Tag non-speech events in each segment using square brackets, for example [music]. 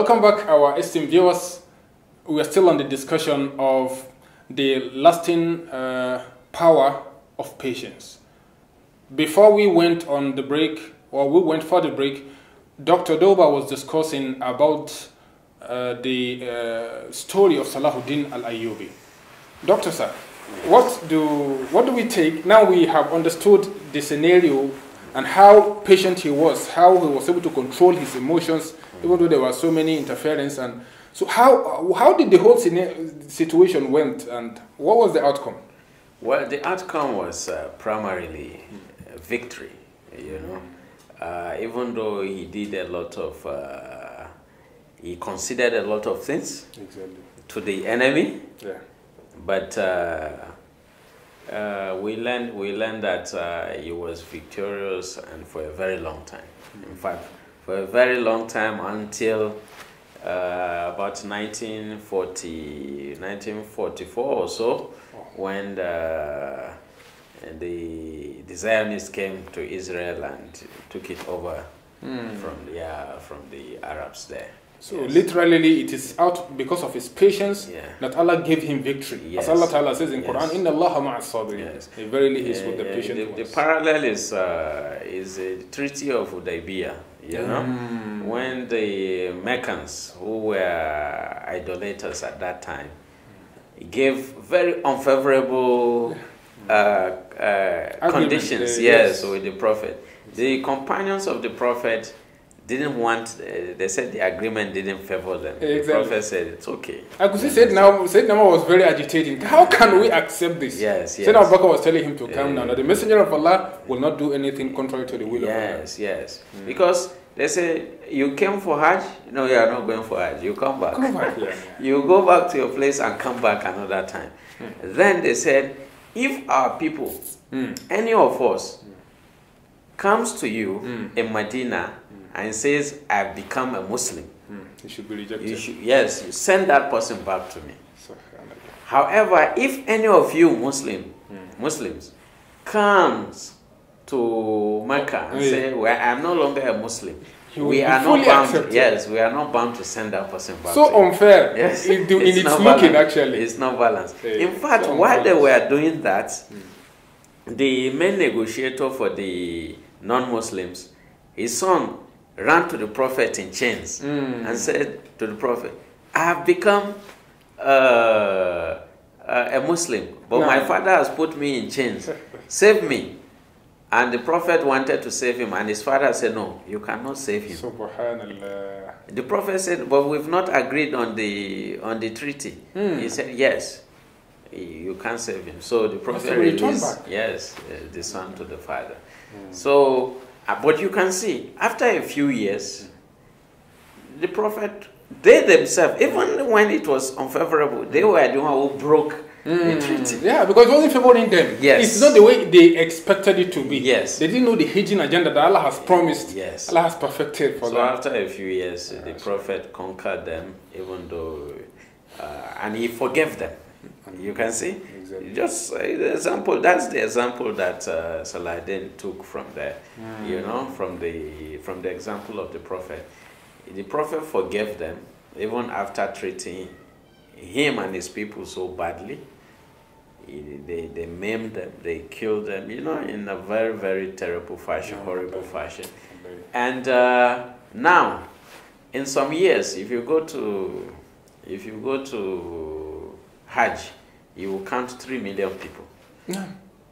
Welcome back our esteemed viewers. We are still on the discussion of the lasting uh, power of patience. Before we went on the break, or we went for the break, Dr. Doba was discussing about uh, the uh, story of Salahuddin al-Ayyubi. Doctor sir, what do, what do we take, now we have understood the scenario and how patient he was, how he was able to control his emotions, even though there were so many interference. And so, how how did the whole situation went, and what was the outcome? Well, the outcome was uh, primarily uh, victory. You know, uh, even though he did a lot of, uh, he considered a lot of things exactly. to the enemy, yeah. but uh, uh, we learned we learned that uh, he was victorious and for a very long time. In fact, for a very long time until uh, about 1940, 1944 or so, when the, uh, the, Zionists came to Israel and took it over mm. from yeah, uh, from the Arabs there. So yes. literally, it is out because of his patience yeah. that Allah gave him victory. Yes. As Allah Ta'ala says in yes. Quran, "Inna Allah maas Yes. Verily, He is with the patient the, the parallel is uh, is the Treaty of Hudaybiyah. You mm. know, mm. when the Meccans, who were idolaters at that time, gave very unfavorable uh, uh, conditions. Uh, yes, with the Prophet, the companions of the Prophet didn't want, uh, they said the agreement didn't favor them. Exactly. The prophet said, it's okay. Akusi said now, said Nama was very agitating. How can we accept this? Yes, yes. Said Abu was telling him to calm uh, down. The messenger of Allah will not do anything contrary to the will yes, of Allah. Yes, yes. Mm. Because they say, you came for Hajj? No, you are not going for Hajj. You come back. Come back yeah. [laughs] you go back to your place and come back another time. Mm. Then they said, if our people, mm. any of us, hmm. comes to you hmm. in Medina and says, I've become a Muslim, hmm. you should be rejected. You should, yes, you send that person back to me. However, if any of you Muslim, hmm. Muslims comes to Mecca and really? say, well, I'm no longer a Muslim, we are not bound. Accepted. Yes, we are not bound to send that person back. So unfair. Yes, in, the, it's, in its looking actually. It's not balanced. Hey, in fact, so while they were doing that, hmm. the main negotiator for the non-Muslims, his son ran to the prophet in chains mm. and said to the prophet, I have become uh, uh a Muslim, but no. my father has put me in chains. Save me. And the prophet wanted to save him, and his father said, No, you cannot save him. Subhanallah. The prophet said, But we've not agreed on the on the treaty. Mm. He said, Yes, you can't save him. So the prophet so yes, uh, the son to the father. Mm. So Ah, but you can see, after a few years, the prophet, they themselves, even when it was unfavorable, they were the one who broke mm. the hmm. treaty. Yeah, because it wasn't favoring them. Yes. It's not the way they expected it to be. Yes. They didn't know the hidden agenda that Allah has promised. Yes. Allah has perfected for so them. So after a few years, the prophet conquered them, even though, uh, and he forgave them. You can see. Just uh, the example. That's the example that uh, Saladin took from there. Mm. You know, from the from the example of the prophet. The prophet forgave them even after treating him and his people so badly. They, they maimed them, they killed them, you know, in a very, very terrible fashion, yeah, horrible fashion. And uh, now, in some years, if you go to, if you go to Hajj, you will count 3 million people. Yeah.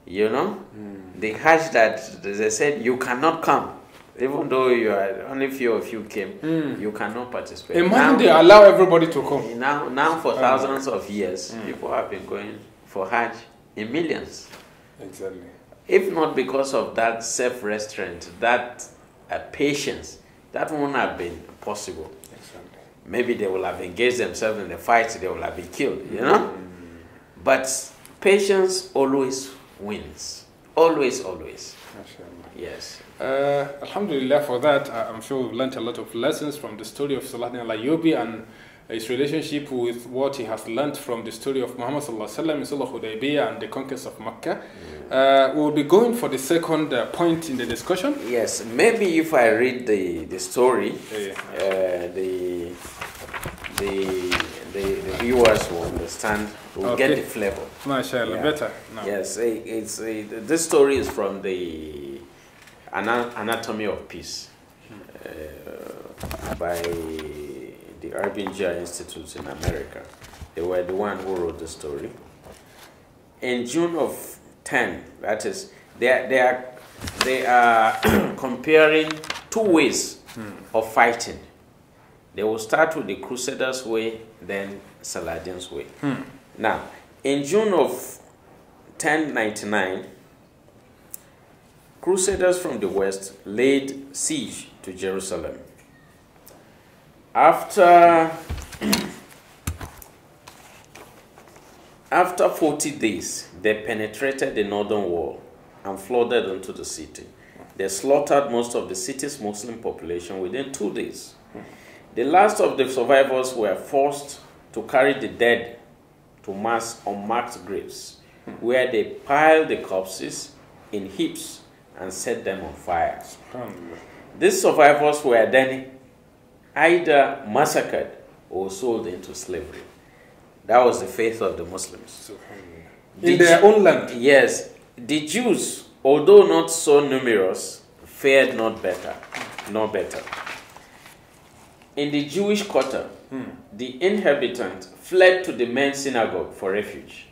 You know? Mm. The Hajj that they said you cannot come. Even though you are only few of you came, mm. you cannot participate. Imagine they allow everybody to come. Now, now for hmm. thousands of years, mm. people have been going for Hajj in millions. Exactly. If not because of that self restraint, that uh, patience, that wouldn't have been possible. Exactly. Maybe they will have engaged themselves in the fight, they will have been killed, you hmm. know? But patience always wins. Always, always. Yes. Uh, Alhamdulillah for that. I'm sure we've learned a lot of lessons from the story of Salatin al Ayyubi and his relationship with what he has learned from the story of Muhammad in Surah Hudaybiyah and the conquest of Makkah. Mm. Uh, we'll be going for the second uh, point in the discussion. Yes, maybe if I read the, the story, yeah. uh, the, the the, the viewers will understand, will okay. get the flavor. MashaAllah, yeah. better. No. Yes, it, it's, it, this story is from the Anatomy of Peace uh, by the Arbinger Institute in America. They were the one who wrote the story. In June of 10, that is, they are, they are, they are [clears throat] comparing two ways hmm. of fighting they will start with the Crusaders' way, then Saladin's way. Hmm. Now, in June of 1099, Crusaders from the west laid siege to Jerusalem. After, [clears throat] after 40 days, they penetrated the northern wall and flooded into the city. They slaughtered most of the city's Muslim population within two days. Hmm. The last of the survivors were forced to carry the dead to mass unmarked graves, where they piled the corpses in heaps and set them on fire. These survivors were then either massacred or sold into slavery. That was the faith of the Muslims. The in their own land? Yes. The Jews, although not so numerous, fared not better. No better. In the Jewish quarter, hmm. the inhabitants fled to the main synagogue for refuge.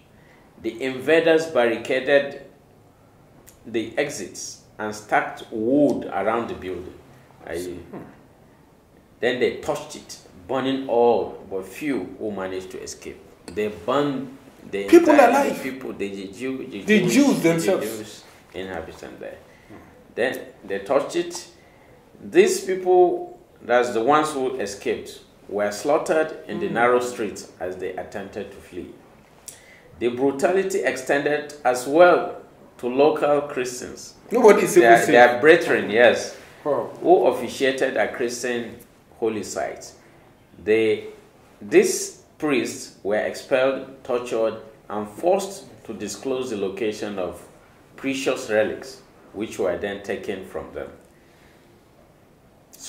The invaders barricaded the exits and stacked wood around the building. I, hmm. Then they touched it, burning all but few who managed to escape. They burned the people alive. People, the, the, Jew, the, the Jews, Jews, themselves, the Jews inhabitant there. Hmm. Then they touched it. These people that's the ones who escaped, were slaughtered in the mm. narrow streets as they attempted to flee. The brutality extended as well to local Christians. Nobody is their, their brethren, yes, oh. who officiated at Christian holy sites. They, these priests were expelled, tortured, and forced to disclose the location of precious relics, which were then taken from them.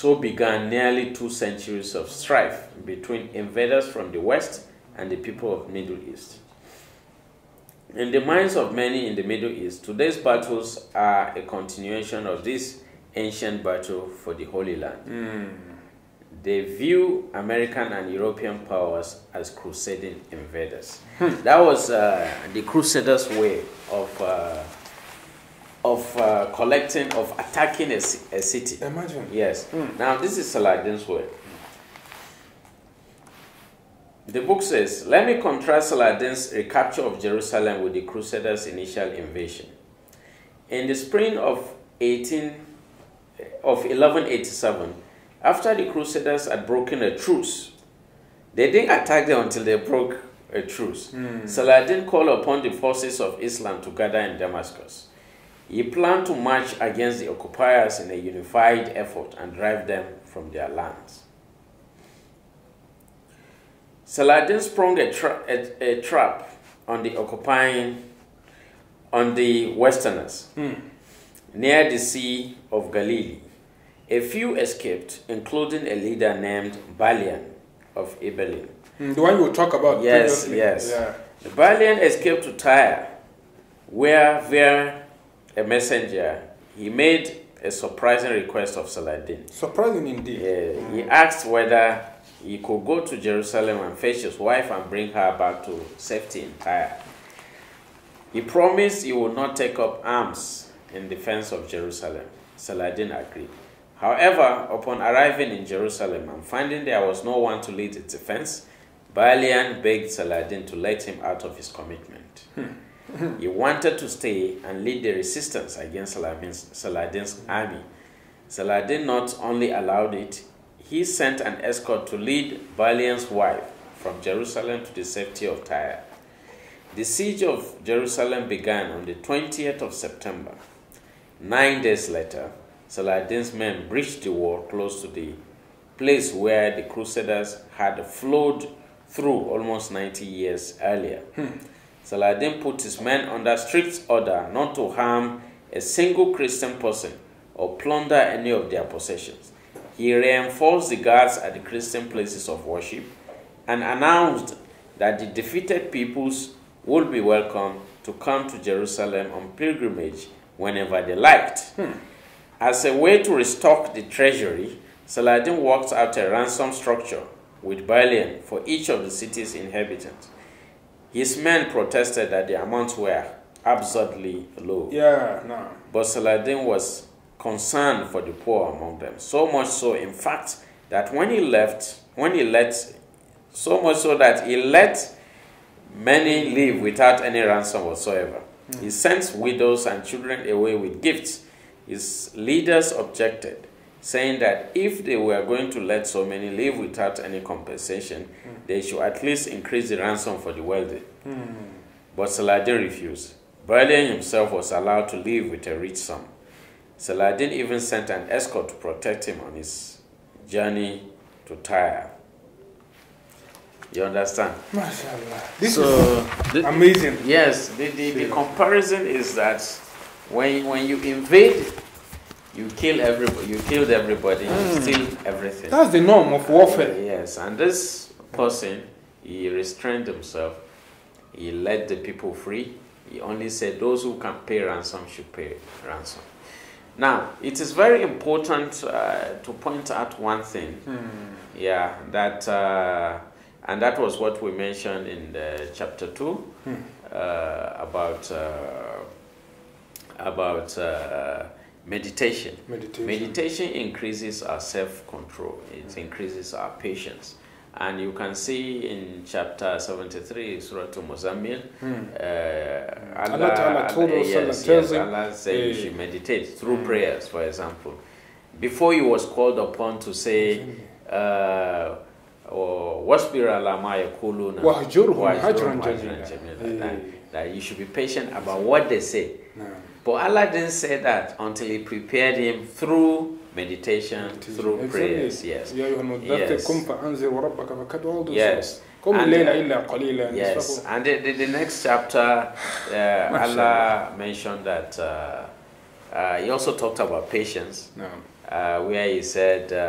So began nearly two centuries of strife between invaders from the West and the people of Middle East. In the minds of many in the Middle East, today's battles are a continuation of this ancient battle for the Holy Land. Mm. They view American and European powers as crusading invaders. Hmm. that was uh, the Crusaders' way of uh, of uh, collecting, of attacking a, a city. Imagine. Yes. Mm. Now, this is Saladin's way. The book says, Let me contrast Saladin's recapture of Jerusalem with the Crusaders' initial invasion. In the spring of 18, of 1187, after the Crusaders had broken a truce, they didn't attack them until they broke a truce. Mm. Saladin called upon the forces of Islam to gather in Damascus. He planned to march against the occupiers in a unified effort and drive them from their lands. Saladin sprung a, tra a, a trap on the occupying, on the westerners, hmm. near the Sea of Galilee. A few escaped, including a leader named Balian of Ibelin. Hmm, the one you talk about. Yes, previously. yes. Yeah. Balian escaped to Tyre, where where a messenger, he made a surprising request of Saladin. Surprising indeed. Yeah, mm. He asked whether he could go to Jerusalem and fetch his wife and bring her back to safety entire. He promised he would not take up arms in defense of Jerusalem. Saladin agreed. However, upon arriving in Jerusalem and finding there was no one to lead the defense, Balian begged Saladin to let him out of his commitment. Hmm he [laughs] wanted to stay and lead the resistance against Saladin's, Saladin's army. Saladin not only allowed it, he sent an escort to lead Valiant's wife from Jerusalem to the safety of Tyre. The siege of Jerusalem began on the 20th of September. Nine days later, Saladin's men breached the wall close to the place where the Crusaders had flowed through almost 90 years earlier. Hmm. Saladin put his men under strict order not to harm a single Christian person or plunder any of their possessions. He reinforced the guards at the Christian places of worship and announced that the defeated peoples would be welcome to come to Jerusalem on pilgrimage whenever they liked. Hmm. As a way to restock the treasury, Saladin worked out a ransom structure with bullion for each of the city's inhabitants his men protested that the amounts were absurdly low. Yeah, no. But Saladin was concerned for the poor among them. So much so, in fact, that when he left, when he let, so much so that he let many live without any ransom whatsoever. Mm. He sent widows and children away with gifts. His leaders objected saying that if they were going to let so many live without any compensation, mm. they should at least increase the ransom for the wealthy. Mm. But Saladin refused. Berlin himself was allowed to live with a rich sum. Saladin even sent an escort to protect him on his journey to Tyre. You understand? Mashallah. This so, is the, amazing. Yes, the, the, the comparison is that when, when you invade you kill everybody. You killed everybody. Mm. You hmm. steal everything. That's the norm of warfare. yes, and this person, he restrained himself. He let the people free. He only said those who can pay ransom should pay ransom. Now, it is very important uh, to point out one thing. Mm. Yeah, that, uh, and that was what we mentioned in the chapter 2 mm. uh, about, uh, about uh, Meditation. Meditation. Meditation increases our self control, it increases our patience. And you can see in chapter 73, Surah to Muzammil, mm. uh, Allah, Allah, Allah, told us yes, yes, Allah said you eh, should meditate through mm. prayers, for example. Before he was called upon to say, uh, oh, wasbir ala eh. that you should be patient about what they say no. But Allah didn't say that until He prepared him through meditation, meditation. through exactly. prayers. Yes. Yes. yes. And, yes, and the, the, the next chapter, uh, [laughs] Allah mentioned that uh, uh, he also talked about patience, no. Uh, where he said, uh,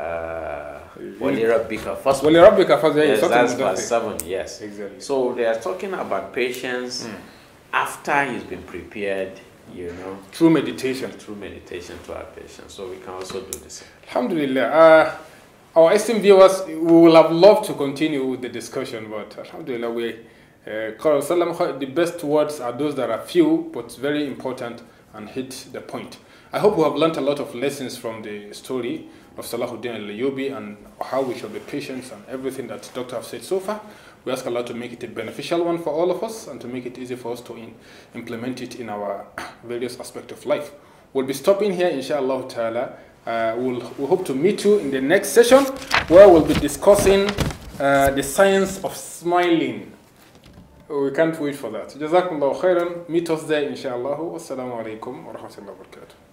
uh, Walirabika first. Walirabika first, yeah, yes, that's verse 7, yes. Exactly. So they are talking about patience. Mm after he has been prepared, you know. Through meditation. Through meditation to our patients. So we can also do the same. Alhamdulillah. Uh, our esteemed viewers, we will have loved to continue with the discussion, but Alhamdulillah, we. Uh, the best words are those that are few but very important and hit the point. I hope we have learned a lot of lessons from the story of Salahuddin al-Layubi and how we shall be patient and everything that the doctor has said so far. We ask Allah to make it a beneficial one for all of us and to make it easy for us to in, implement it in our [coughs] various aspects of life. We'll be stopping here, inshallah ta'ala. Uh, we'll, we hope to meet you in the next session where we'll be discussing uh, the science of smiling. We can't wait for that. Jazakumullah khairan. Meet us there, inshallah. Wassalamu alaikum wa rahmatullahi wa barakatuh.